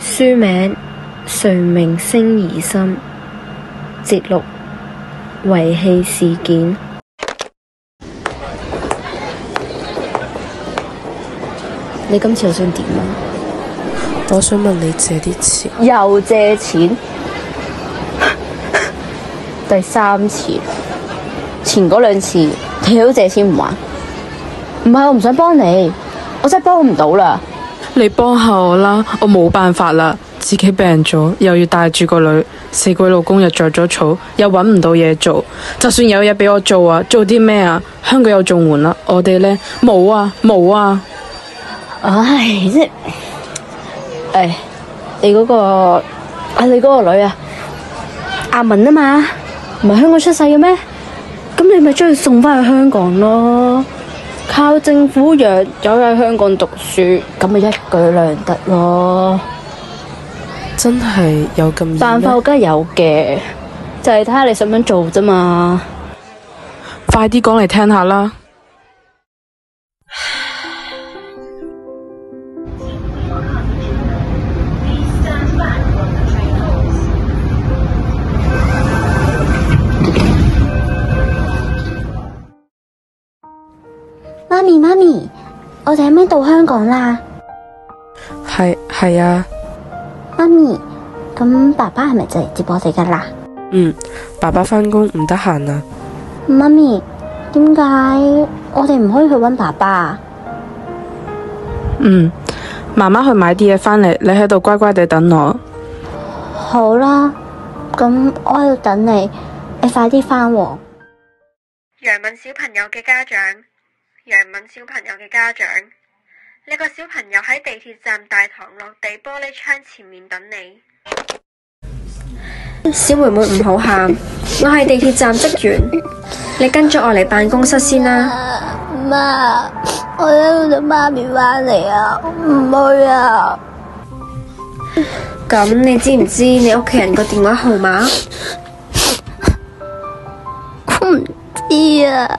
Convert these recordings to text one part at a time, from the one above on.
書名《誰明星兒心》，節錄：遺棄事件。 你今次又想點啊？我想問你借啲錢。又借錢？ 第三次。前嗰兩次，你都借錢唔還。唔係我唔想幫你，我真係幫唔到啦。你幫下我啦，我冇辦法啦，自己病咗，又要帶住個女，死鬼老公又着咗草，又搵唔到嘢做。就算有嘢俾我做啊，做啲咩啊？香港又仲援啦，我哋呢？冇啊冇啊，啊唉，你嗰、嗰個啊，你嗰個女啊，阿文啊嘛，唔係香港出世嘅咩？咁你咪將佢送返去香港咯。靠政府養，又喺香港讀書，咁咪一舉兩得咯！真係有咁易咩？辦法梗係有嘅，就係睇下你想唔想做啫嘛！快啲講嚟聽下啦！媽咪，媽咪，我哋係咪到香港啦？係係啊。媽咪，咁爸爸係咪就嚟接我哋噶啦？嗯，爸爸翻工，唔得閒啊。媽咪，點解我哋唔可以去搵爸爸？嗯，媽媽去買啲嘢翻嚟，你喺度乖乖地等我。好啦，咁我喺度等你，你快啲翻。楊敏小朋友嘅家長。楊敏小朋友嘅家長，你個小朋友喺地鐵站大堂落地玻璃窗前面等你。小妹妹唔好喊，我係地鐵站職員，你跟咗我嚟辦公室先啦。媽，我要等媽咪翻嚟啊！我唔去啊！咁你知唔知你屋企人個電話號碼？唔知啊。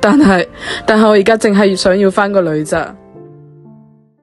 但係，但係我而家淨係想要返個女咋。